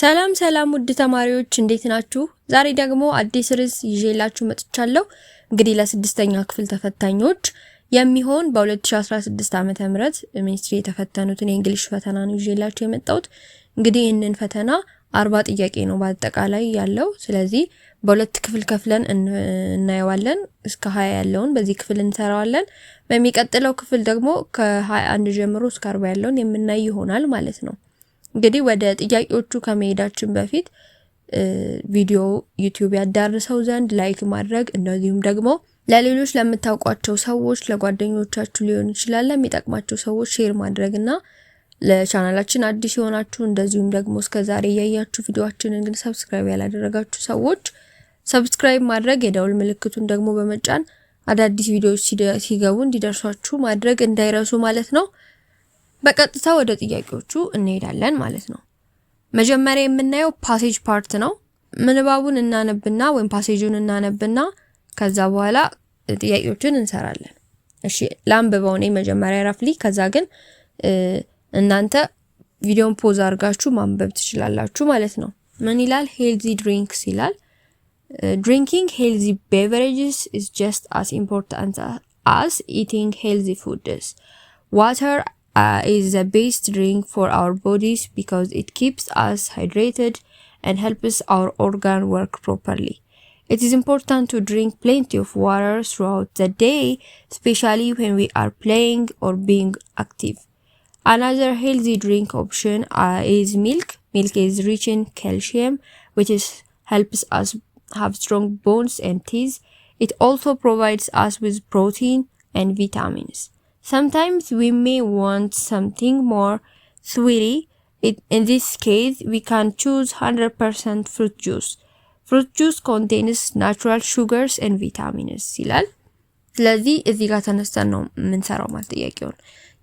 ሰላም ሰላም ውድ ተማሪዎች እንዴት ናችሁ? ዛሬ ደግሞ አዲስ ርዕስ ይዤላችሁ መጥቻለሁ። እንግዲህ ለስድስተኛ ክፍል ተፈታኞች የሚሆን በ2016 ዓ ም ሚኒስትሪ የተፈተኑትን የእንግሊሽ ፈተና ነው ይዤላችሁ የመጣሁት። እንግዲህ ይህንን ፈተና አርባ ጥያቄ ነው በአጠቃላይ ያለው። ስለዚህ በሁለት ክፍል ከፍለን እናየዋለን። እስከ ሀያ ያለውን በዚህ ክፍል እንሰራዋለን። በሚቀጥለው ክፍል ደግሞ ከሀያ አንድ ጀምሮ እስከ አርባ ያለውን የምናይ ይሆናል ማለት ነው። እንግዲህ ወደ ጥያቄዎቹ ከመሄዳችን በፊት ቪዲዮ ዩቲዩብ ያዳርሰው ዘንድ ላይክ ማድረግ እንደዚሁም ደግሞ ለሌሎች ለምታውቋቸው ሰዎች ለጓደኞቻችሁ ሊሆን ይችላል ለሚጠቅማቸው ሰዎች ሼር ማድረግ እና ለቻናላችን አዲስ የሆናችሁ እንደዚሁም ደግሞ እስከዛሬ እያያችሁ ቪዲዮችንን ግን ሰብስክራይብ ያላደረጋችሁ ሰዎች ሰብስክራይብ ማድረግ የደውል ምልክቱን ደግሞ በመጫን አዳዲስ ቪዲዮዎች ሲገቡ እንዲደርሷችሁ ማድረግ እንዳይረሱ ማለት ነው። በቀጥታ ወደ ጥያቄዎቹ እንሄዳለን ማለት ነው። መጀመሪያ የምናየው ፓሴጅ ፓርት ነው። ምንባቡን እናነብና ወይም ፓሴጁን እናነብና ከዛ በኋላ ጥያቄዎችን እንሰራለን። እሺ ላንብበው እኔ መጀመሪያ ራፍሊ፣ ከዛ ግን እናንተ ቪዲዮን ፖዝ አድርጋችሁ ማንበብ ትችላላችሁ ማለት ነው። ምን ይላል? ሄልዚ ድሪንክስ ይላል። ድሪንኪንግ ሄልዚ ቤቨሬጅስ ኢዝ ጀስት አስ ኢምፖርታንት አስ ኢቲንግ ሄልዚ ፉድስ ዋተር uh, is the best drink for our bodies because it keeps us hydrated and helps our organ work properly. It is important to drink plenty of water throughout the day, especially when we are playing or being active. Another healthy drink option uh, is milk. Milk is rich in calcium, which is, helps us have strong bones and teeth. It also provides us with protein and vitamins. Sometimes we may want something more sweetie. It, in this case, we can choose 100% fruit juice. ፍሩት ጁስ ኮንቴንስ ናቹራል ሹገርስ ኤንድ ቪታሚንስ ይላል። ስለዚህ እዚህ ጋር ተነስተን ነው የምንሰራው ማለት ጥያቄውን።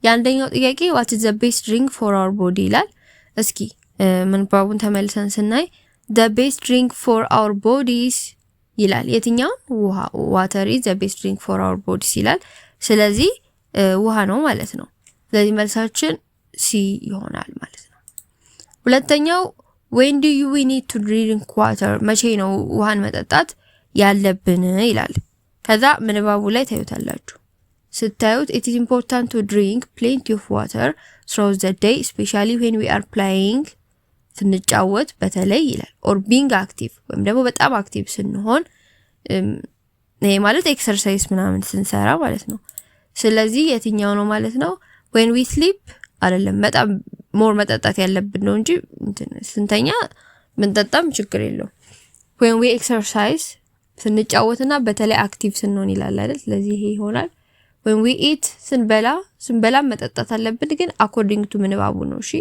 የአንደኛው ጥያቄ ዋት ዘ ቤስት ድሪንክ ፎር አውር ቦዲ ይላል። እስኪ ምንባቡን ተመልሰን ስናይ ዘ ቤስት ድሪንክ ፎር አውር ቦዲስ ይላል። የትኛውን ውሃ ዋተር ዘ ቤስት ድሪንክ ፎር አወር ቦዲስ ይላል። ስለዚህ ውሃ ነው ማለት ነው። ስለዚህ መልሳችን ሲ ይሆናል ማለት ነው። ሁለተኛው ዌን ዱ ዩ ዊ ኒድ ቱ ድሪንክ ዋተር፣ መቼ ነው ውሃን መጠጣት ያለብን ይላል። ከዛ ምንባቡ ላይ ታዩታላችሁ። ስታዩት ኢት ኢዝ ኢምፖርታንት ቱ ድሪንክ ፕሌንቲ ኦፍ ዋተር ስሮዝ ዘ ዴይ ስፔሻሊ ዌን ዊ አር ፕላይንግ ስንጫወት በተለይ ይላል። ኦር ቢንግ አክቲቭ ወይም ደግሞ በጣም አክቲቭ ስንሆን ይሄ ማለት ኤክሰርሳይዝ ምናምን ስንሰራ ማለት ነው። ስለዚህ የትኛው ነው ማለት ነው? ዌን ዊ ስሊፕ አይደለም፣ በጣም ሞር መጠጣት ያለብን ነው እንጂ ስንተኛ ብንጠጣም ችግር የለውም። ዌን ዊ ኤክሰርሳይዝ ስንጫወትና በተለይ አክቲቭ ስንሆን ይላል አይደል? ስለዚህ ይሄ ይሆናል። ዌን ዊ ኢት ስንበላ ስንበላ መጠጣት አለብን፣ ግን አኮርዲንግ ቱ ምንባቡ ነው። እሺ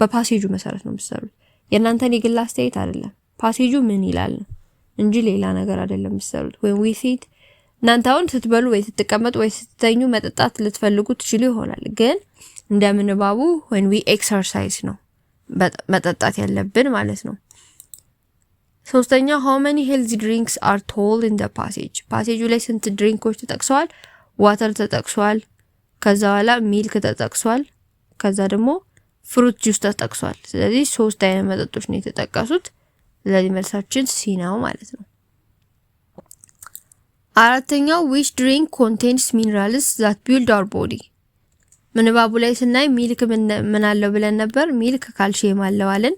በፓሴጁ መሰረት ነው የምትሰሩት። የእናንተን የግል አስተያየት አይደለም። ፓሴጁ ምን ይላል እንጂ ሌላ ነገር አይደለም የምትሰሩት። ዌን ዊ ሲት እናንተ አሁን ስትበሉ ወይ ስትቀመጡ ወይ ስትተኙ መጠጣት ልትፈልጉ ትችሉ ይሆናል። ግን እንደምንባቡ ወን ዊ ኤክሰርሳይዝ ነው መጠጣት ያለብን ማለት ነው። ሶስተኛ ሃው መኒ ሄልዚ ድሪንክስ አር ቶልድ ኢን ዘ ፓሴጅ። ፓሴጁ ላይ ስንት ድሪንኮች ተጠቅሰዋል? ዋተር ተጠቅሷል። ከዛ በኋላ ሚልክ ተጠቅሷል። ከዛ ደግሞ ፍሩት ጁስ ተጠቅሷል። ስለዚህ ሶስት አይነት መጠጦች ነው የተጠቀሱት። ስለዚህ መልሳችን ሲ ነው ማለት ነው። አራተኛው which drink contains minerals that build our ቦዲ። ምንባቡ ላይ ስናይ ሚልክ ምን አለው ብለን ነበር። ሚልክ ካልሽየም አለው አለን።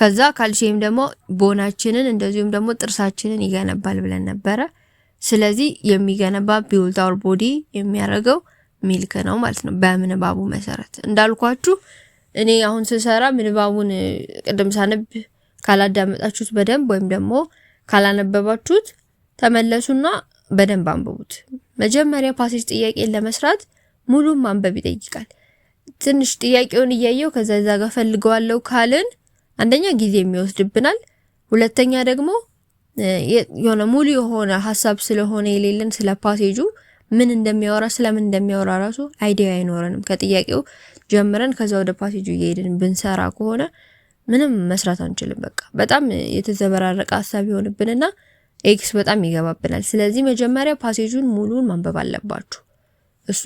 ከዛ ካልሽየም ደግሞ ቦናችንን እንደዚሁም ደግሞ ጥርሳችንን ይገነባል ብለን ነበረ። ስለዚህ የሚገነባ ቢልድ አውር ቦዲ የሚያደርገው ሚልክ ነው ማለት ነው። በምንባቡ መሰረት እንዳልኳችሁ እኔ አሁን ስሰራ ምንባቡን ቅድም ሳነብ ካላዳመጣችሁት በደንብ ወይም ደግሞ ካላነበባችሁት ተመለሱና በደንብ አንብቡት። መጀመሪያ ፓሴጅ ጥያቄን ለመስራት ሙሉም ማንበብ ይጠይቃል። ትንሽ ጥያቄውን እያየው ከዛ እዛ ጋር ፈልገዋለው ካልን አንደኛ ጊዜ የሚወስድብናል፣ ሁለተኛ ደግሞ የሆነ ሙሉ የሆነ ሀሳብ ስለሆነ የሌለን ስለ ፓሴጁ ምን እንደሚያወራ ስለምን እንደሚያወራ ራሱ አይዲያ አይኖረንም። ከጥያቄው ጀምረን ከዛ ወደ ፓሴጁ እየሄድን ብንሰራ ከሆነ ምንም መስራት አንችልም። በቃ በጣም የተዘበራረቀ ሀሳብ ይሆንብንና ኤክስ በጣም ይገባብናል። ስለዚህ መጀመሪያ ፓሴጁን ሙሉን ማንበብ አለባችሁ። እሱ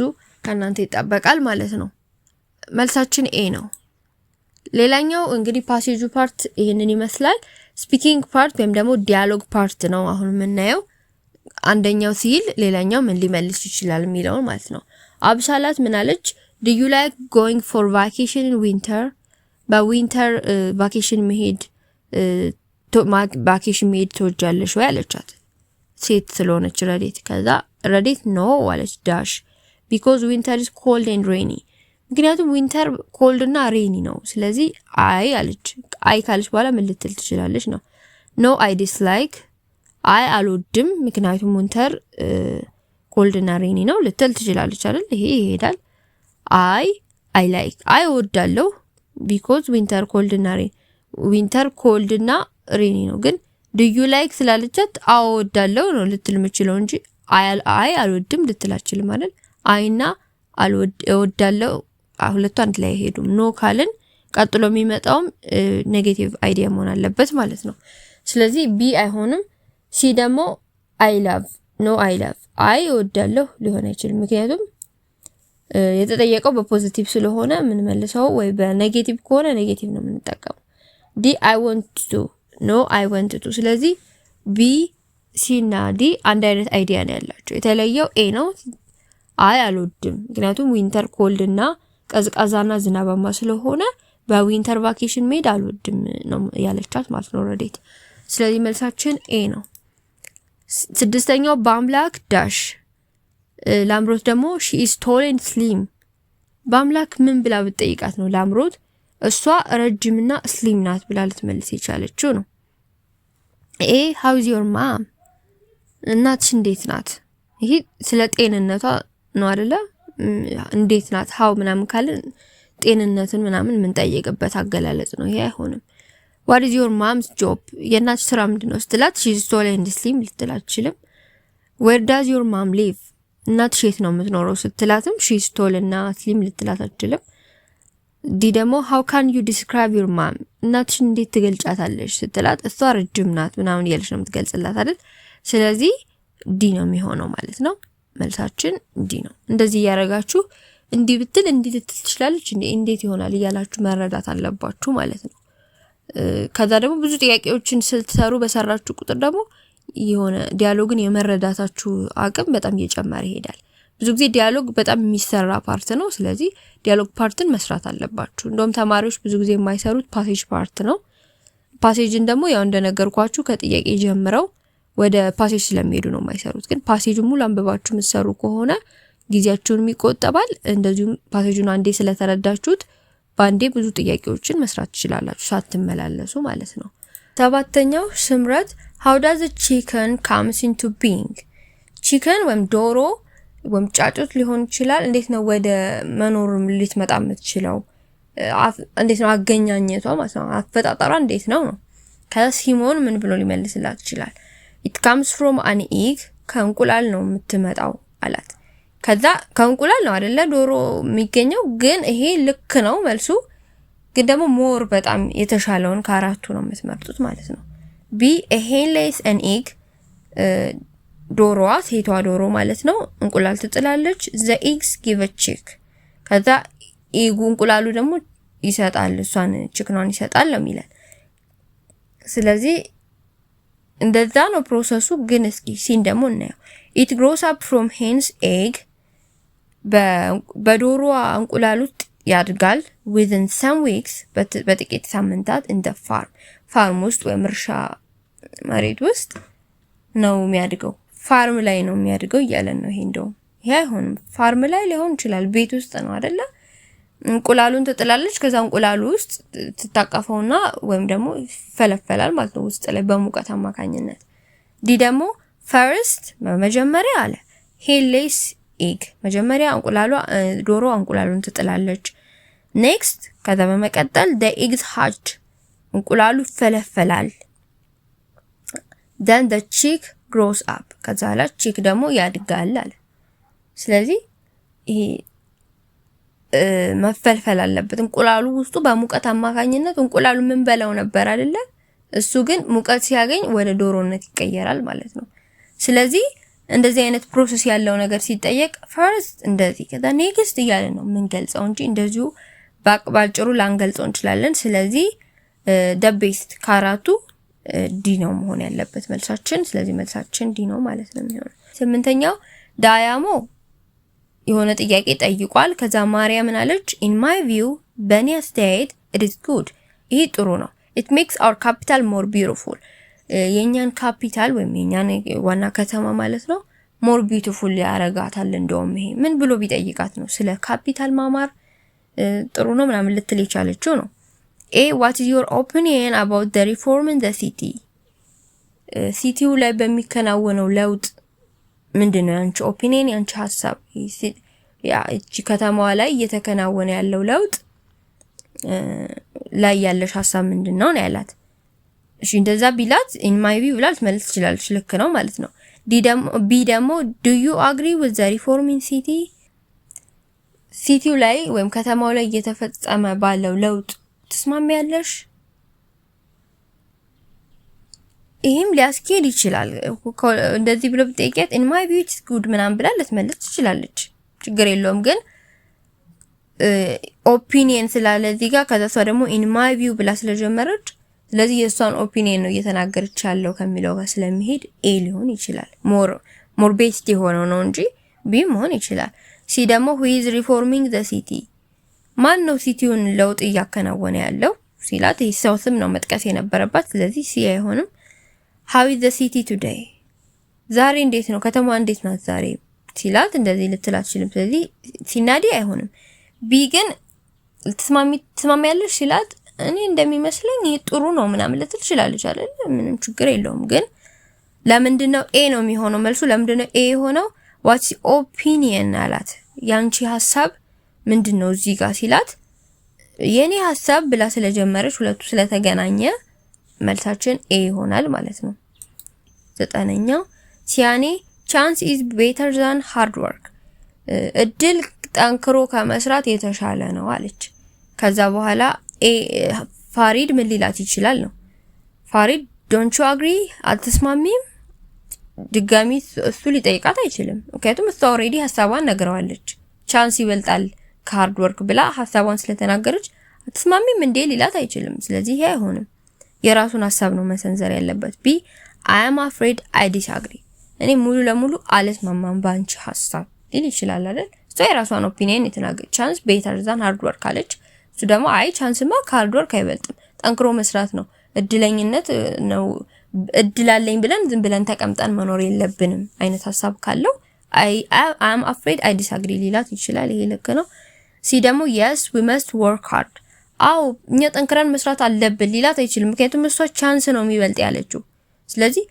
ከእናንተ ይጠበቃል ማለት ነው። መልሳችን ኤ ነው። ሌላኛው እንግዲህ ፓሴጁ ፓርት ይህንን ይመስላል። ስፒኪንግ ፓርት ወይም ደግሞ ዲያሎግ ፓርት ነው አሁን የምናየው አንደኛው ሲል ሌላኛው ምን ሊመልስ ይችላል የሚለውን ማለት ነው። አብሳላት ምናለች? ዱ ዩ ላይክ ጎይንግ ፎር ቫኬሽን ኢን ዊንተር፣ በዊንተር ቫኬሽን መሄድ ባኬሽን መሄድ ትወጃለሽ ወይ አለቻት፣ ሴት ስለሆነች ረዴት። ከዛ ረዴት ኖ አለች ዳሽ ቢኮዝ ዊንተር ኢዝ ኮልድ ኤንድ ሬኒ፣ ምክንያቱም ዊንተር ኮልድ እና ሬኒ ነው። ስለዚህ አይ አለች። አይ ካለች በኋላ ምን ልትል ትችላለች ነው? ኖ አይ ዲስላይክ፣ አይ አልወድም፣ ምክንያቱም ዊንተር ኮልድ እና ሬኒ ነው ልትል ትችላለች አይደል? ይሄ ይሄዳል። አይ አይ ላይክ፣ አይ እወዳለሁ ቢኮዝ ዊንተር ኮልድ እና ሬኒ ዊንተር ኮልድ እና ሬኒ ነው። ግን ድዩ ላይክ ስላለቻት አወዳለው ነው ልትል የምችለው እንጂ አይ አልወድም ልትላችል ማለት አይና ወዳለው ሁለቱ አንድ ላይ አይሄዱም። ኖ ካልን ቀጥሎ የሚመጣውም ኔጌቲቭ አይዲያ መሆን አለበት ማለት ነው። ስለዚህ ቢ አይሆንም። ሲ ደግሞ ላቭ ኖ ላቭ አይ ወዳለሁ ሊሆን አይችልም። ምክንያቱም የተጠየቀው በፖዚቲቭ ስለሆነ የምንመልሰው ወይ በኔጌቲቭ ከሆነ ኔጌቲቭ ነው የምንጠቀመው። ዲ አይ ወንት ቱ ኖ አይ ወንት ቱ። ስለዚህ ቢ ሲ እና ዲ አንድ አይነት አይዲያ ነው ያላቸው። የተለየው ኤ ነው። አይ አልወድም፣ ምክንያቱም ዊንተር ኮልድ እና ቀዝቃዛና ዝናባማ ስለሆነ በዊንተር ቫኬሽን መሄድ አልወድም ነው ያለቻት ማለት ነው ረዴት። ስለዚህ መልሳችን ኤ ነው። ስድስተኛው በአምላክ ዳሽ ላምሮት ደግሞ ሺ ኢዝ ቶል ኤንድ ስሊም። በአምላክ ምን ብላ ብትጠይቃት ነው ላምሮት እሷ ረጅምና ስሊም ናት ብላ ልትመልስ የቻለችው ነው። ኤ ሃውዝ ዮር ማም እናትሽ እንዴት ናት? ይህ ስለ ጤንነቷ ነው አይደለ? እንዴት ናት ሀው ምናምን ካልን ጤንነትን ምናምን የምንጠየቅበት አገላለጽ ነው። ይሄ አይሆንም። ዋት ኢዝ ዮር ማምስ ጆብ የእናትሽ ስራ ምንድን ነው ስትላት ሺ ኢዝ ቶል ኤንድ ስሊም ልትል አትችልም። ዌር ዳዝ ዮር ማም ሊቭ እናትሽ የት ነው የምትኖረው ስትላትም ሺ ኢዝ ቶል እና ስሊም ልትላት አትችልም። ዲ ደግሞ ሃው ካን ዩ ዲስክራይብ ዩር ማም እናትሽን እንዴት ትገልጫታለሽ ስትላት እሷ ረጅም ናት ምናምን እያለች ነው የምትገልጽላት አይደል? ስለዚህ ዲ ነው የሚሆነው ማለት ነው። መልሳችን ዲ ነው። እንደዚህ እያደረጋችሁ እንዲህ ብትል እንዲህ ልትል ትችላለች፣ እንዴት ይሆናል እያላችሁ መረዳት አለባችሁ ማለት ነው። ከዛ ደግሞ ብዙ ጥያቄዎችን ስትሰሩ በሰራችሁ ቁጥር ደግሞ የሆነ ዲያሎግን የመረዳታችሁ አቅም በጣም እየጨመረ ይሄዳል። ብዙ ጊዜ ዲያሎግ በጣም የሚሰራ ፓርት ነው። ስለዚህ ዲያሎግ ፓርትን መስራት አለባችሁ። እንደውም ተማሪዎች ብዙ ጊዜ የማይሰሩት ፓሴጅ ፓርት ነው። ፓሴጅን ደግሞ ያው እንደነገርኳችሁ ከጥያቄ ጀምረው ወደ ፓሴጅ ስለሚሄዱ ነው የማይሰሩት። ግን ፓሴጅ ሙሉ አንብባችሁ የምትሰሩ ከሆነ ጊዜያችሁን ይቆጠባል። እንደዚሁም ፓሴጁን አንዴ ስለተረዳችሁት በአንዴ ብዙ ጥያቄዎችን መስራት ትችላላችሁ ሳትመላለሱ ማለት ነው። ሰባተኛው ስምረት ሃው ዳዝ ቺከን ካምስ ኢንቱ ቢንግ ቺከን ወይም ዶሮ ጫጩት ሊሆን ይችላል። እንዴት ነው ወደ መኖርም ልትመጣ የምትችለው? እንዴት ነው አገኛኘቷ ማለት ነው፣ አፈጣጠሯ እንዴት ነው ነው። ከዛ ሲሞን ምን ብሎ ሊመልስላት ይችላል? ኢት ካምስ ፍሮም አን ኢግ ከእንቁላል ነው የምትመጣው አላት። ከዛ ከእንቁላል ነው አደለ ዶሮ የሚገኘው። ግን ይሄ ልክ ነው መልሱ። ግን ደግሞ ሞር በጣም የተሻለውን ከአራቱ ነው የምትመርጡት ማለት ነው። ቢ ሄንሌስ አን ኢግ ዶሮዋ ሴቷ ዶሮ ማለት ነው እንቁላል ትጥላለች። ዘ ኤግስ ጊቭ ቺክ ከዛ ኢጉ እንቁላሉ ደግሞ ይሰጣል እሷን ችክኗን ይሰጣል ነው የሚለን። ስለዚህ እንደዛ ነው ፕሮሰሱ። ግን እስኪ ሲን ደግሞ እናየው። ኢት ግሮስ አፕ ፍሮም ሄንስ ኤግ በዶሮዋ እንቁላል ውስጥ ያድጋል። ዊዝን ሰም ዊክስ በጥቂት ሳምንታት እንደ ፋርም ፋርም ውስጥ ወይም እርሻ መሬት ውስጥ ነው የሚያድገው። ፋርም ላይ ነው የሚያድገው እያለን ነው። ይሄ እንደውም ይሄ አይሆንም። ፋርም ላይ ሊሆን ይችላል፣ ቤት ውስጥ ነው አይደለ? እንቁላሉን ትጥላለች። ከዛ እንቁላሉ ውስጥ ትታቀፈውና ወይም ደግሞ ይፈለፈላል ማለት ነው ውስጥ ላይ በሙቀት አማካኝነት። ዲ ደግሞ ፈርስት መጀመሪያ አለ ሄሌስ ኤግ፣ መጀመሪያ እንቁላሉ ዶሮ እንቁላሉን ትጥላለች። ኔክስት ከዛ በመቀጠል ደ ኤግስ ሃች፣ እንቁላሉ ይፈለፈላል። ደን ደ ቺክ ግሮስ አፕ ከዛ ኋላ ቺክ ደግሞ ያድጋል አለ። ስለዚህ ይሄ መፈልፈል አለበት። እንቁላሉ ውስጡ በሙቀት አማካኝነት እንቁላሉ ምን በላው ነበር አይደለ? እሱ ግን ሙቀት ሲያገኝ ወደ ዶሮነት ይቀየራል ማለት ነው። ስለዚህ እንደዚህ አይነት ፕሮሰስ ያለው ነገር ሲጠየቅ ፈርስት እንደዚህ ከዛ ኔክስት እያለ ነው የምንገልጸው እንጂ እንደዚሁ ባጭሩ ላንገልጸው እንችላለን። ስለዚህ ደቤስት ከአራቱ ዲ ነው መሆን ያለበት መልሳችን። ስለዚህ መልሳችን ዲ ነው ማለት ነው የሚሆነው። ስምንተኛው ዳያሞ የሆነ ጥያቄ ጠይቋል። ከዛ ማርያምን አለች ኢን ማይ ቪው በእኔ አስተያየት ኢት ኢዝ ጉድ ይሄ ጥሩ ነው። ኢት ሜክስ አወር ካፒታል ሞር ቢዩቲፉል የእኛን ካፒታል ወይም የእኛን ዋና ከተማ ማለት ነው ሞር ቢዩቲፉል ያረጋታል። እንደውም ይሄ ምን ብሎ ቢጠይቃት ነው ስለ ካፒታል ማማር ጥሩ ነው ምናምን ልትል የቻለችው ነው። ኤ ዋት ኢዝ ዮር ኦፒኒየን አባውት ዘ ሪፎርም ኢን ዘ ሲቲ ሲቲው ላይ በሚከናወነው ለውጥ ምንድን ነው ያንቺ ኦፒኒየን፣ ያንቺ ሀሳብ? ያ እቺ ከተማዋ ላይ እየተከናወነ ያለው ለውጥ ላይ ያለሽ ሀሳብ ምንድን ነው ነው ያላት። እሺ እንደዛ ቢላት ኢን ማይ ቪው ብላ ልትመልስ ትችላለች። ልክ ነው ማለት ነው። ቢ ደግሞ ዱ ዩ አግሪ ዊዝ ዘ ሪፎርም ኢን ሲቲ ሲቲው ላይ ወይም ከተማው ላይ እየተፈጸመ ባለው ለውጥ ትስማሚያለሽ? ይህም ሊያስኬድ ይችላል። እንደዚህ ብሎ ብጠይቂያት ኢን ማይ ቪው ኢትስ ጉድ ምናምን ብላ ልትመለስ ትችላለች። ችግር የለውም ግን ኦፒኒየን ስላለ እዚህ ጋር ከዛ እሷ ደግሞ ኢን ማይ ቪው ብላ ስለጀመረች ስለዚህ የእሷን ኦፒኒየን ነው እየተናገረች ያለው ከሚለው ጋር ስለሚሄድ ኤ ሊሆን ይችላል። ሞር ሞር ቤስት የሆነው ነው እንጂ ቢ መሆን ይችላል። ሲ ደግሞ ሁ ኢዝ ሪፎርሚንግ ዘ ሲቲ ማን ነው ሲቲውን ለውጥ እያከናወነ ያለው ሲላት ሰው ስም ነው መጥቀስ የነበረባት። ስለዚህ ሲ አይሆንም። ሃዊ ዘ ሲቲ ቱደይ ዛሬ እንዴት ነው ከተማ እንዴት ናት ዛሬ ሲላት እንደዚህ ልትል አትችልም። ስለዚህ ሲናዲ አይሆንም። ቢ ግን ትስማሚያለሽ ሲላት እኔ እንደሚመስለኝ ጥሩ ነው ምናምን ልትል ትችላለች አይደል? ምንም ችግር የለውም። ግን ለምንድን ነው ኤ ነው የሚሆነው መልሱ? ለምንድን ነው ኤ የሆነው? ዋትስ ኦፒኒየን አላት። ያንቺ ሀሳብ ምንድን ነው እዚህ ጋር ሲላት የኔ ሀሳብ ብላ ስለጀመረች ሁለቱ ስለተገናኘ መልሳችን ኤ ይሆናል ማለት ነው። ዘጠነኛ ሲያኔ ቻንስ ኢዝ ቤተር ዛን ሃርድ ወርክ፣ እድል ጠንክሮ ከመስራት የተሻለ ነው አለች። ከዛ በኋላ ኤ ፋሪድ ምን ሊላት ይችላል ነው ፋሪድ ዶንቹ አግሪ አልተስማሚም? ድጋሚ እሱ ሊጠይቃት አይችልም። ምክንያቱም እሷ ኦሬዲ ሀሳቧን ነግረዋለች። ቻንስ ይበልጣል ከሃርድ ወርክ ብላ ሀሳቧን ስለተናገረች አትስማሚም እንዴ ሊላት አይችልም። ስለዚህ ይሄ አይሆንም። የራሱን ሀሳብ ነው መሰንዘር ያለበት። ቢ አይ አም አፍሬድ አይ ዲስአግሪ እኔ ሙሉ ለሙሉ አልስማማም ባንቺ ሀሳብ ሊል ይችላል አይደል? እሷ የራሷን ኦፒኒየን የተናገረች ቻንስ ቤተር ዛን ሃርድ ወርክ አለች። እሱ ደግሞ አይ ቻንስማ ከሃርድ ወርክ አይበልጥም፣ ጠንክሮ መስራት ነው እድለኝነት ነው እድላለኝ ብለን ዝም ብለን ተቀምጠን መኖር የለብንም አይነት ሀሳብ ካለው አይ አም አፍሬድ አይ ዲስአግሪ ሊላት ይችላል። ይሄ ልክ ነው። ሲ ደግሞ የስ ዊ መስት ወርክ ሃርድ፣ አዎ እኛ ጠንክረን መስራት አለብን ሊላት አይችልም። ምክንያቱም እሷ ቻንስ ነው የሚበልጥ ያለችው። ስለዚህ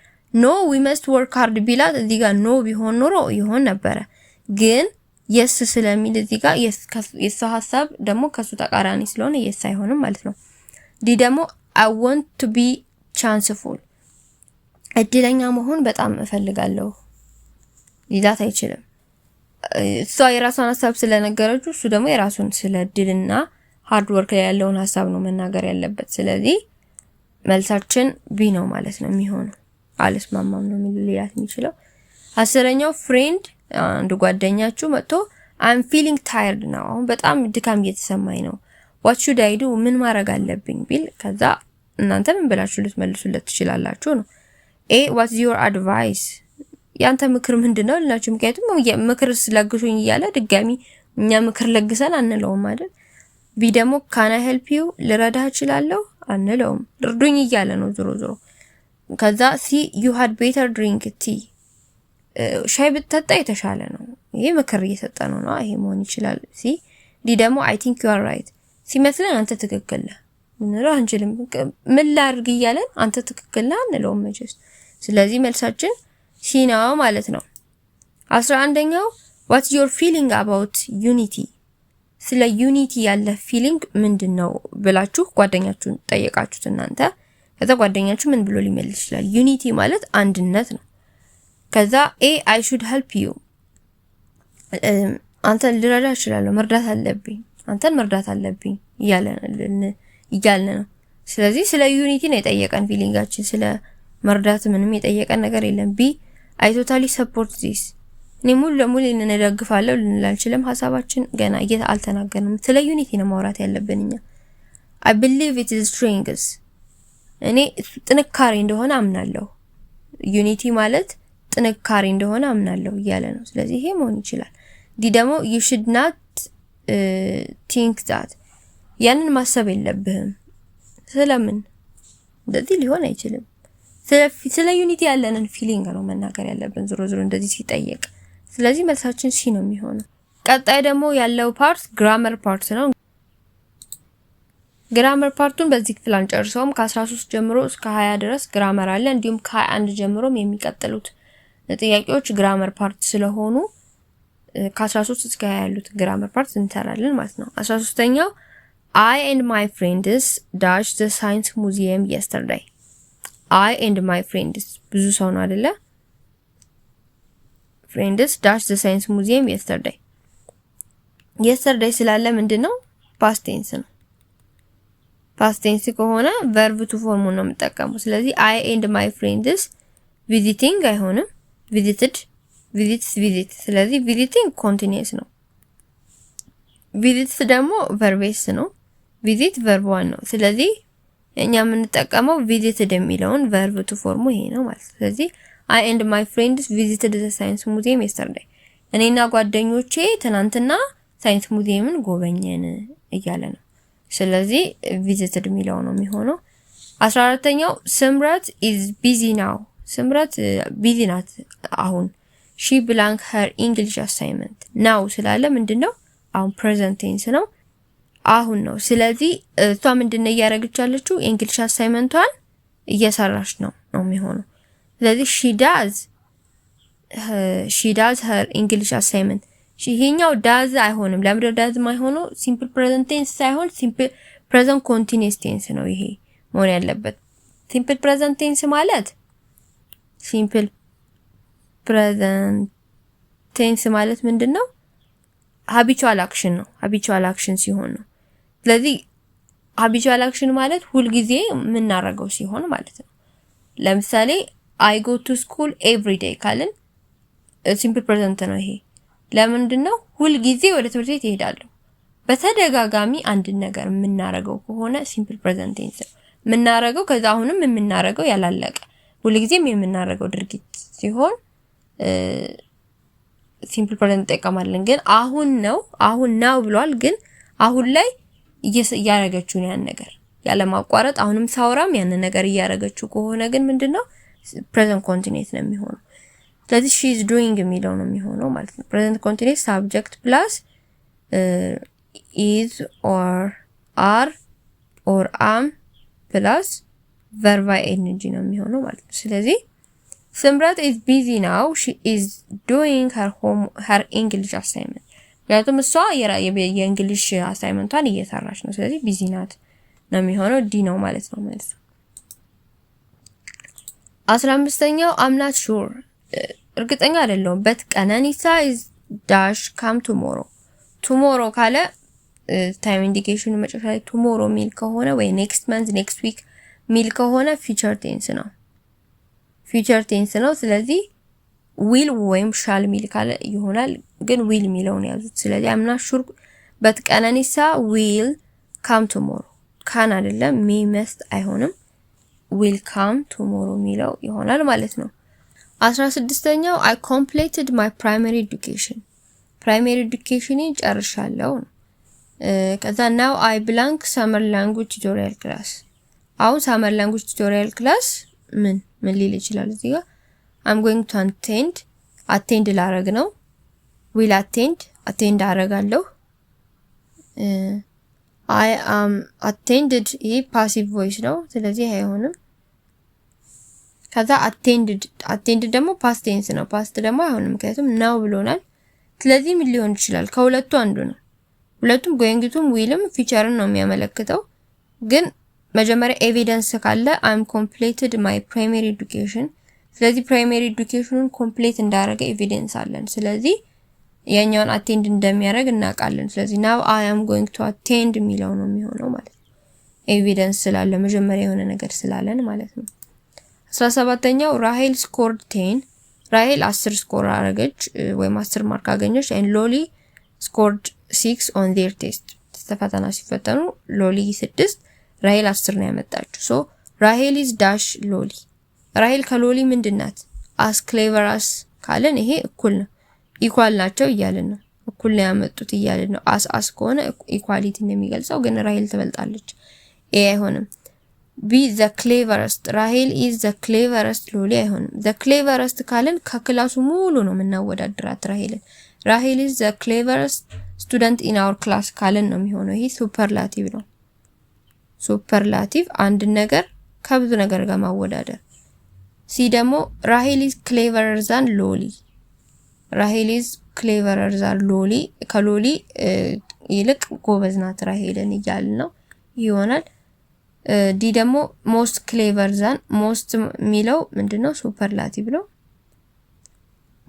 ኖ ዊ መስት ወርክ ሃርድ ቢላት እዚህ ጋር ኖ ቢሆን ኖሮ ይሆን ነበረ፣ ግን የስ ስለሚል እዚህ ጋር የሷ ሀሳብ ደግሞ ከሱ ተቃራኒ ስለሆነ የስ አይሆንም ማለት ነው። ዲ ደግሞ አይ ዋንት ቱ ቢ ቻንስፉል እድለኛ መሆን በጣም እፈልጋለሁ ሊላት አይችልም። እሷ የራሷን ሀሳብ ስለነገረችው እሱ ደግሞ የራሱን ስለ ድልና ሃርድ ወርክ ላይ ያለውን ሀሳብ ነው መናገር ያለበት። ስለዚህ መልሳችን ቢ ነው ማለት ነው የሚሆነው። አልስማማም ነው የሚል ሊላት የሚችለው። አስረኛው ፍሬንድ አንዱ ጓደኛችሁ መጥቶ አም ፊሊንግ ታየርድ ነው፣ አሁን በጣም ድካም እየተሰማኝ ነው፣ ዋት ሹድ አይ ዱ ምን ማድረግ አለብኝ ቢል፣ ከዛ እናንተ ምን ብላችሁ ልትመልሱለት ትችላላችሁ ነው። ኤ ዋትስ ዩር አድቫይስ ያንተ ምክር ምንድን ነው ልናችሁ። ምክንያቱም ምክር ስላግሹኝ እያለ ድጋሚ እኛ ምክር ለግሰን አንለውም አይደል። ቢ ደግሞ ካና ሄልፕ ዩ ልረዳህ እችላለሁ አንለውም። እርዱኝ እያለ ነው ዞሮ ዞሮ። ከዛ ሲ ዩ ሃድ ቤተር ድሪንክ ቲ ሻይ ብትጠጣ የተሻለ ነው። ይሄ ምክር እየሰጠ ነው ነው ይሄ መሆን ይችላል። ሲ ዲ ደግሞ አይ ቲንክ ዩ አር ራይት ሲመስለን አንተ ትክክል ነህ እንለው አንችልም። ምን ላድርግ እያለን አንተ ትክክል ነህ አንለውም መቼስ። ስለዚህ መልሳችን ሺ ነው ማለት ነው። አስራ አንደኛው ዋትስ ዮር ፊሊንግ አባውት ዩኒቲ፣ ስለ ዩኒቲ ያለ ፊሊንግ ምንድን ነው ብላችሁ ጓደኛችሁን ጠየቃችሁት እናንተ። ከዛ ጓደኛችሁ ምን ብሎ ሊመልስ ይችላል? ዩኒቲ ማለት አንድነት ነው። ከዛ ኤ አይ ሹድ ሄልፕ ዩ፣ አንተን ልረዳ እችላለሁ፣ መርዳት አለብኝ፣ አንተን መርዳት አለብኝ እያልን ነው። ስለዚህ ስለ ዩኒቲ ነው የጠየቀን ፊሊንጋችን። ስለ መርዳት ምንም የጠየቀን ነገር የለም። ቢ አይ ቶታሊ ሰፖርት ዚስ እኔ ሙሉ ለሙሉ እንደግፋለሁ ልንል አልችልም። ሀሳባችን ገና አልተናገርንም። ስለ ዩኒቲ ነው ማውራት ያለብን እኛ። አይ ቢሊቭ ኢት ኢዝ ስትሪንግስ እኔ ጥንካሬ እንደሆነ አምናለሁ። ዩኒቲ ማለት ጥንካሬ እንደሆነ አምናለሁ እያለ ነው። ስለዚህ ይሄ መሆን ይችላል። ዲ ደግሞ ዩ ሹድ ናት ቲንክ ዛት ያንን ማሰብ የለብህም። ስለምን እንደዚህ ሊሆን አይችልም። ስለ ዩኒቲ ያለንን ፊሊንግ ነው መናገር ያለብን ዞሮ ዞሮ እንደዚህ ሲጠየቅ። ስለዚህ መልሳችን ሲ ነው የሚሆነው። ቀጣይ ደግሞ ያለው ፓርት ግራመር ፓርት ነው። ግራመር ፓርቱን በዚህ ክፍል አንጨርሰውም። ከ13 ጀምሮ እስከ 20 ድረስ ግራመር አለ። እንዲሁም ከ21 ጀምሮም የሚቀጥሉት ጥያቄዎች ግራመር ፓርት ስለሆኑ ከ13 እስከ 20 ያሉት ግራመር ፓርት እንሰራለን ማለት ነው። 13ኛው አይ ኤንድ ማይ ፍሬንድስ ዳሽ ዘ ሳይንስ ሙዚየም የስተርዳይ አይ ኤንድ ማይ ፍሬንድስ ብዙ ሰው ነው አደለ? ፍሬንድስ ዳሽ ዘ ሳይንስ ሙዚየም የስተርዳይ። የስተርዳይ ስላለ ምንድን ነው ፓስቴንስ ነው። ፓስቴንስ ከሆነ ቨርብ ቱ ፎርሙ ነው የምጠቀመው። ስለዚህ አይ ኤንድ ማይ ፍሬንድስ ቪዚቲንግ አይሆንም። ቪዚትድ፣ ቪዚትስ፣ ቪዚት። ስለዚህ ቪዚቲንግ ኮንቲኒየስ ነው። ቪዚትስ ደግሞ ቨርቤስ ነው። ቪዚት ቨርብ ዋን ነው። ስለዚህ እኛ የምንጠቀመው ቪዚትድ የሚለውን ቨርብ ቱ ፎርሙ ይሄ ነው ማለት ነው። ስለዚህ አይ ኤንድ ማይ ፍሬንድስ ቪዚትድ ዘ ሳይንስ ሙዚየም የስተርዳይ፣ እኔና ጓደኞቼ ትናንትና ሳይንስ ሙዚየምን ጎበኘን እያለ ነው። ስለዚህ ቪዚትድ የሚለው ነው የሚሆነው። አስራ አራተኛው ስምረት ኢዝ ቢዚ ናው። ስምረት ቢዚ ናት አሁን። ሺ ብላንክ ሄር ኢንግሊሽ አሳይመንት ናው ስላለ ምንድን ነው አሁን ፕሬዘንት ቴንስ ነው። አሁን ነው። ስለዚህ እሷ ምንድነው እያደረገች ያለችው? የእንግሊሽ አሳይመንቷን እየሰራች ነው ነው የሚሆነው። ስለዚህ ሺ ዳዝ ሺ ዳዝ ሄር ኢንግሊሽ አሳይመንት። ይሄኛው ዳዝ አይሆንም። ለምድር ዳዝ ማይሆነው ሲምፕል ፕሬዘንት ቴንስ ሳይሆን ሲምፕል ፕሬዘንት ኮንቲኒየስ ቴንስ ነው ይሄ መሆን ያለበት። ሲምፕል ፕሬዘንት ቴንስ ማለት ሲምፕል ፕሬዘንት ቴንስ ማለት ምንድን ነው? ሀቢቹዋል አክሽን ነው። ሀቢቹዋል አክሽን ሲሆን ነው ስለዚህ ሀቢቹዋል አክሽን ማለት ሁልጊዜ የምናደርገው ሲሆን ማለት ነው። ለምሳሌ አይ ጎ ቱ ስኩል ኤቭሪ ዴይ ካልን ሲምፕል ፕሬዘንት ነው ይሄ። ለምንድን ነው ሁልጊዜ ወደ ትምህርት ቤት ይሄዳለሁ? በተደጋጋሚ አንድን ነገር የምናደርገው ከሆነ ሲምፕል ፕሬዘንት ቴንስ ነው የምናደርገው። ከዛ አሁንም የምናደርገው ያላለቀ ሁልጊዜም የምናደርገው ድርጊት ሲሆን ሲምፕል ፕሬዘንት እንጠቀማለን። ግን አሁን ነው አሁን ነው ብሏል። ግን አሁን ላይ እያረገችው ነው ያን ነገር ያለማቋረጥ አሁንም ሳውራም ያን ነገር እያረገችው ከሆነ ግን ምንድነው ፕሬዘንት ኮንቲኔት ነው የሚሆነው። ስለዚህ ሺ ኢዝ ዱዊንግ የሚለው ነው የሚሆነው ማለት ነው። ፕሬዘንት ኮንቲኔት ሳብጀክት ፕላስ ኢዝ ኦር አር ኦር አም ፕላስ ቨርባይ ኤንጂ ነው የሚሆነው ማለት ነው። ስለዚህ ስምረት ኢዝ ቢዚ ናው ሺ ኢዝ ሆም ሄር ኢንግሊሽ አሳይመንት ምክንያቱም እሷ የእንግሊሽ አሳይመንቷን እየሰራች ነው። ስለዚህ ቢዚ ናት ነው የሚሆነው። ዲ ነው ማለት ነው መልሱ። አስራ አምስተኛው አምናት ሹር እርግጠኛ አይደለሁም በት ቀነኒሳ ኢዝ ዳሽ ካም ቱሞሮ ቱሞሮ ካለ ታይም ኢንዲኬሽኑ መጨረሻ ላይ ቱሞሮ ሚል ከሆነ ወይ ኔክስት መንዝ ኔክስት ዊክ ሚል ከሆነ ፊቸር ቴንስ ነው። ፊቸር ቴንስ ነው። ስለዚህ ዊል ወይም ሻል ሚል ካለ ይሆናል። ግን ዊል የሚለውን ያዙት። ስለዚህ አምና ሹር በት ቀነኒሳ ዊል ካም ቱሞሮ ካን አይደለም ሚ መስት አይሆንም። ዊል ካም ቱሞሮ የሚለው ይሆናል ማለት ነው። አስራ ስድስተኛው አይ ኮምፕሌትድ ማይ ፕራይመሪ ኤዱኬሽን ፕራይመሪ ኤዱኬሽን ጨርሻለሁ። ከዛ ናው አይ ብላንክ ሳመር ላንጉጅ ቱቶሪያል ክላስ። አሁን ሳመር ላንጉጅ ቱቶሪያል ክላስ ምን ምን ሊል ይችላል እዚህ ጋር አም ጎይንግ ቱ አቴንድ አቴንድ ላረግ ነው። ዊል አቴንድ አቴንድ አረጋለሁ። አይ አም አቴንድድ ይህ ፓሲቭ ቮይስ ነው፣ ስለዚህ አይሆንም። ከዛ አቴንድድ አቴንድድ ደግሞ ፓስት ቴንስ ነው። ፓስት ደግሞ አይሆንም፣ ምክንያቱም ናው ብሎናል። ስለዚህ ምን ሊሆን ይችላል? ከሁለቱ አንዱ ነው። ሁለቱም ጎይንግቱም ዊልም ፊቸርን ነው የሚያመለክተው። ግን መጀመሪያ ኤቪደንስ ካለ አም ኮምፕሌትድ ማይ ፕራይመሪ ኤዱኬሽን ስለዚህ ፕራይሜሪ ኤዱኬሽኑን ኮምፕሌት እንዳደረገ ኤቪደንስ አለን። ስለዚህ የኛውን አቴንድ እንደሚያደርግ እናውቃለን። ስለዚህ ናው አይ አም ጎይንግ ቱ አቴንድ የሚለው ነው የሚሆነው ማለት ነው። ኤቪደንስ ስላለ መጀመሪያ የሆነ ነገር ስላለን ማለት ነው። አስራ ሰባተኛው ራሄል ስኮርድ ቴን ራሄል አስር ስኮር አረገች ወይም አስር ማርክ አገኘች። ኤን ሎሊ ስኮርድ ሲክስ ኦን ዜር ቴስት ተፈተና ሲፈተኑ ሎሊ ስድስት ራሄል አስር ነው ያመጣችው። ሶ ራሄል ኢዝ ዳሽ ሎሊ ራሄል ከሎሊ ምንድን ናት? አስ ክሌቨራስ ካለን ይሄ እኩል ነው፣ ኢኳል ናቸው እያልን ነው። እኩል ነው ያመጡት እያልን ነው። አስ አስ ከሆነ ኢኳሊቲ ነው የሚገልጸው፣ ግን ራሄል ትበልጣለች። ኤ አይሆንም። ቢ ዘ ክሌቨረስት ራሄል ኢዝ ዘ ክሌቨረስት ሎሊ አይሆንም። ዘ ክሌቨረስት ካለን ከክላሱ ሙሉ ነው የምናወዳድራት ራሄልን። ራሄል ኢዝ ዘ ክሌቨረስት ስቱደንት ኢን አወር ክላስ ካለን ነው የሚሆነው። ይሄ ሱፐርላቲቭ ነው። ሱፐርላቲቭ አንድን ነገር ከብዙ ነገር ጋር ማወዳደር ሲ ደግሞ ራሂሊስ ኢዝ ክሌቨረር ዛን ሎሊ ራሄል ክሌቨረር ዛን ሎሊ ከሎሊ ይልቅ ጎበዝ ናት ራሄልን እያልን ነው ይሆናል። ዲ ደግሞ ሞስት ክሌቨር ዛን ሞስት የሚለው ምንድነው? ሱፐርላቲቭ ነው።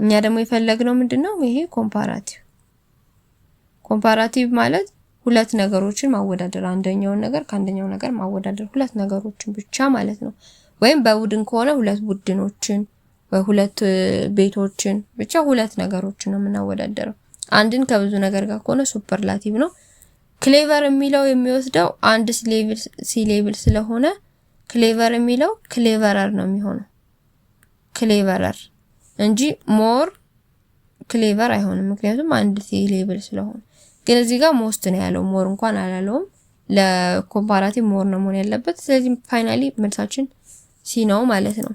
እኛ ደግሞ የፈለግነው ምንድነው? ይሄ ኮምፓራቲቭ። ኮምፓራቲቭ ማለት ሁለት ነገሮችን ማወዳደር፣ አንደኛውን ነገር ከአንደኛው ነገር ማወዳደር፣ ሁለት ነገሮችን ብቻ ማለት ነው። ወይም በቡድን ከሆነ ሁለት ቡድኖችን ሁለት ቤቶችን ብቻ ሁለት ነገሮችን ነው የምናወዳደረው። አንድን ከብዙ ነገር ጋር ከሆነ ሱፐርላቲቭ ነው። ክሌቨር የሚለው የሚወስደው አንድ ሲ ስለሆነ ክሌቨር የሚለው ክሌቨረር ነው የሚሆነው ክሌቨረር እንጂ ሞር ክሌቨር አይሆንም። ምክንያቱም አንድ ሲሌብል ስለሆነ፣ ግን እዚህ ጋር ሞስት ነው ያለው። ሞር እንኳን አላለውም። ለኮምፓራቲቭ ሞር ነው መሆን ያለበት። ስለዚህ ፋይናሊ መልሳችን ሲ ነው ማለት ነው።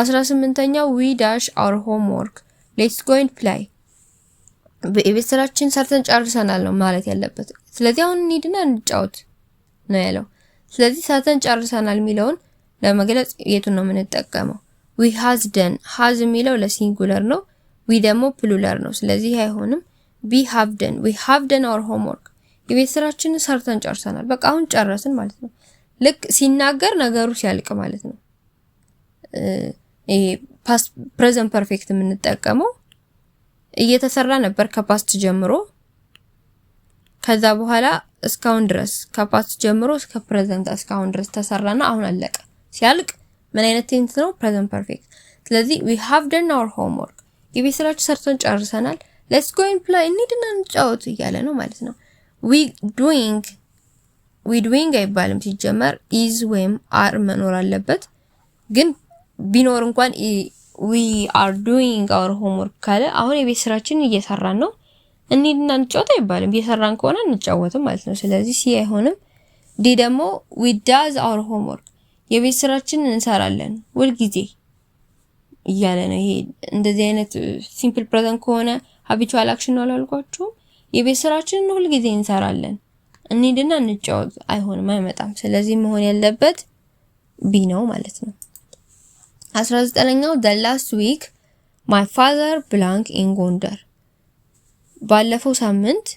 18ኛው ዊ ዳሽ አወር ሆም ወርክ ሌትስ ጎ ፕላይ የቤት ስራችን ሰርተን ጨርሰናል ነው ማለት ያለበት። ስለዚህ አሁን እንሂድና እንጫወት ነው ያለው። ስለዚህ ሰርተን ጨርሰናል የሚለውን ለመግለጽ የቱን ነው የምንጠቀመው? ዊ ሃዝ ደን ሃዝ የሚለው ለሲንጉለር ነው። ዊ ደግሞ ፕሉለር ነው። ስለዚህ አይሆንም። ቢ ሃቭ ደን ዊ ሃቭ ደን አወር ሆምወርክ የቤት ስራችንን ሰርተን ጨርሰናል። በቃ አሁን ጨረስን ማለት ነው። ልክ ሲናገር ነገሩ ሲያልቅ ማለት ነው። ፕሬዘንት ፐርፌክት የምንጠቀመው እየተሰራ ነበር ከፓስት ጀምሮ ከዛ በኋላ እስካሁን ድረስ ከፓስት ጀምሮ እስከ ፕሬዘንት እስካሁን ድረስ ተሰራና አሁን አለቀ። ሲያልቅ ምን አይነት ቴንስ ነው? ፕሬዘንት ፐርፌክት። ስለዚህ ዊ ሃቭ ደን our ሆምወርክ፣ የቤት ስራችን ሰርተን ጨርሰናል። ሌትስ go and play እንሂድና እንጫወት እያለ ነው ማለት ነው። we doing we doing አይባልም ሲጀመር ኢዝ ወይም አር መኖር አለበት ግን ቢኖር እንኳን ዊ አር ዱይንግ አወር ሆምወርክ ካለ አሁን የቤት ስራችን እየሰራን ነው እንሂድና እንጫወት አይባልም። እየሰራን ከሆነ እንጫወትም ማለት ነው። ስለዚህ ሲ አይሆንም። ዲ ደግሞ ዊ ዳዝ አወር ሆምወርክ የቤት ስራችን እንሰራለን ሁልጊዜ እያለ ነው። ይሄ እንደዚህ አይነት ሲምፕል ፕሬዘንት ከሆነ ሀቢቹዋል አክሽን ነው አላልኳችሁም? የቤት ስራችንን ሁልጊዜ እንሰራለን እንሂድና እንጫወት አይሆንም፣ አይመጣም። ስለዚህ መሆን ያለበት ቢ ነው ማለት ነው። 19ኛው ዘ ላስት ዊክ ማይ ፋዘር ብላንክ ኢን ጎንደር ባለፈው ሳምንት።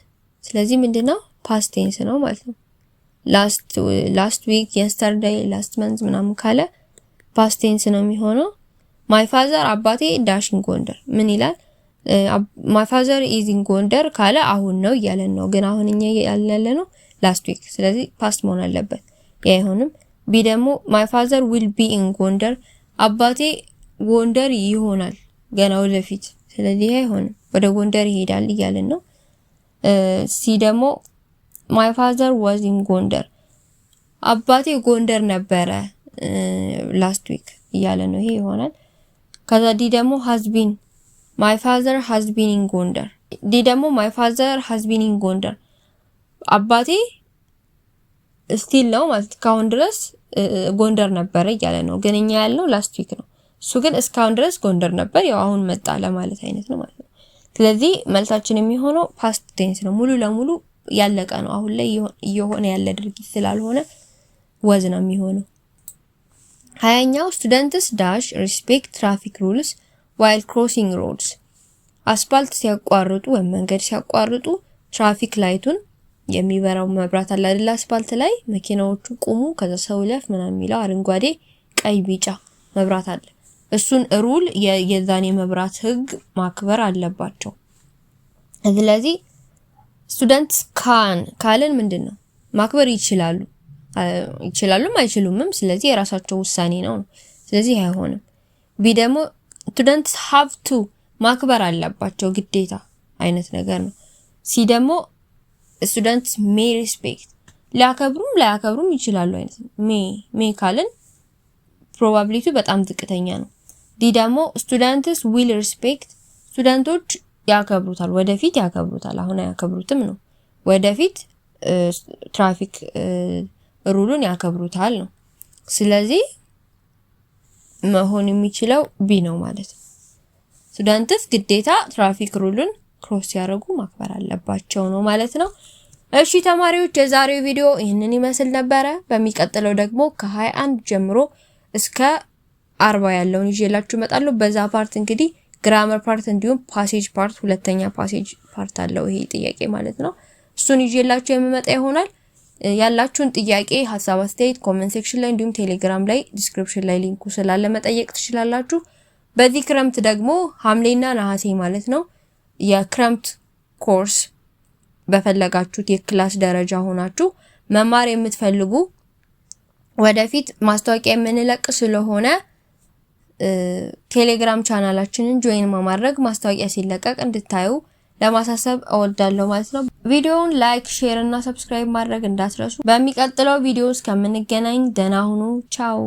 ስለዚህ ምንድነው ፓስቴንስ ነው ማለት ነው። ላስት ዊክ፣ የስተርዳይ፣ ላስት መንዝ ምናምን ካለ ፓስቴንስ ነው የሚሆነው። ማይ ፋዘር አባቴ ዳሽን ጎንደር ምን ይላል? ማይ ፋዘር ኢዝ ኢን ጎንደር ካለ አሁን ነው እያለን ነው። ግን አሁን እኛ ያለ ነው ላስት ዊክ። ስለዚህ ፓስት መሆን አለበት። ያ አይሆንም። ቢ ደግሞ ማይ ፋዘር ዊል ቢ ኢን ጎንደር አባቴ ጎንደር ይሆናል ገና ወደፊት፣ ስለዚህ አይሆንም ወደ ጎንደር ይሄዳል እያልን ነው። ሲ ደግሞ ማይ ፋዘር ዋዝ ኢን ጎንደር አባቴ ጎንደር ነበረ ላስት ዊክ እያለ ነው። ይሄ ይሆናል። ከዛ ዲ ደግሞ ሃዝቢን ማይ ፋዘር ሃዝቢን ኢን ጎንደር። ዲ ደግሞ ማይ ፋዘር ሃዝቢን ኢን ጎንደር አባቴ ስቲል ነው ማለት ካሁን ድረስ ጎንደር ነበረ እያለ ነው። ግን እኛ ያለው ላስት ዊክ ነው። እሱ ግን እስካሁን ድረስ ጎንደር ነበር፣ ያው አሁን መጣ ለማለት አይነት ነው ማለት ነው። ስለዚህ መልሳችን የሚሆነው ፓስት ቴንስ ነው። ሙሉ ለሙሉ ያለቀ ነው። አሁን ላይ እየሆነ ያለ ድርጊት ስላልሆነ ወዝ ነው የሚሆነው። ሀያኛው ስቱደንትስ ዳሽ ሪስፔክት ትራፊክ ሩልስ ዋይል ክሮሲንግ ሮድስ፣ አስፓልት ሲያቋርጡ ወይም መንገድ ሲያቋርጡ ትራፊክ ላይቱን የሚበራው መብራት አለ አይደል? አስፋልት ላይ መኪናዎቹ ቁሙ፣ ከዛ ሰው ለፍ ምናምን የሚለው አረንጓዴ፣ ቀይ፣ ቢጫ መብራት አለ። እሱን ሩል የዛኔ መብራት ህግ ማክበር አለባቸው። ስለዚህ ስቱደንት ካን ካልን ምንድን ነው ማክበር ይችላሉ ይችላሉም አይችሉምም። ስለዚህ የራሳቸው ውሳኔ ነው። ስለዚህ አይሆንም። ቢ ደግሞ ስቱደንትስ ሀቭ ቱ ማክበር አለባቸው ግዴታ አይነት ነገር ነው። ሲ ደግሞ ስቱደንት ሜ ሪስፔክት ሊያከብሩም ላያከብሩም ይችላሉ አይነት ነው። ሜ ሜ ካልን ፕሮባቢሊቲ በጣም ዝቅተኛ ነው። ዲ ደግሞ ስቱደንትስ ዊል ሪስፔክት ስቱደንቶች ያከብሩታል፣ ወደፊት ያከብሩታል። አሁን አያከብሩትም ነው፣ ወደፊት ትራፊክ ሩሉን ያከብሩታል ነው። ስለዚህ መሆን የሚችለው ቢ ነው ማለት ነው። ስቱደንትስ ግዴታ ትራፊክ ሩሉን ክሮስ ሲያደርጉ ማክበር አለባቸው ነው ማለት ነው። እሺ ተማሪዎች የዛሬው ቪዲዮ ይህንን ይመስል ነበረ። በሚቀጥለው ደግሞ ከ21 ጀምሮ እስከ 40 ያለውን ይዤላችሁ እመጣለሁ። በዛ ፓርት እንግዲህ ግራመር ፓርት እንዲሁም ፓሴጅ ፓርት ሁለተኛ ፓሴጅ ፓርት አለው ይሄ ጥያቄ ማለት ነው። እሱን ይዤላችሁ የምመጣ ይሆናል። ያላችሁን ጥያቄ፣ ሀሳብ፣ አስተያየት ኮመንት ሴክሽን ላይ እንዲሁም ቴሌግራም ላይ ዲስክሪፕሽን ላይ ሊንኩ ስላለ መጠየቅ ትችላላችሁ። በዚህ ክረምት ደግሞ ሐምሌና ነሐሴ ማለት ነው የክረምት ኮርስ በፈለጋችሁት የክላስ ደረጃ ሆናችሁ መማር የምትፈልጉ ወደፊት ማስታወቂያ የምንለቅ ስለሆነ ቴሌግራም ቻናላችንን ጆይን በማድረግ ማስታወቂያ ሲለቀቅ እንድታዩ ለማሳሰብ እወዳለሁ ማለት ነው። ቪዲዮውን ላይክ፣ ሼር እና ሰብስክራይብ ማድረግ እንዳትረሱ። በሚቀጥለው ቪዲዮ እስከምንገናኝ ደህና ሁኑ። ቻው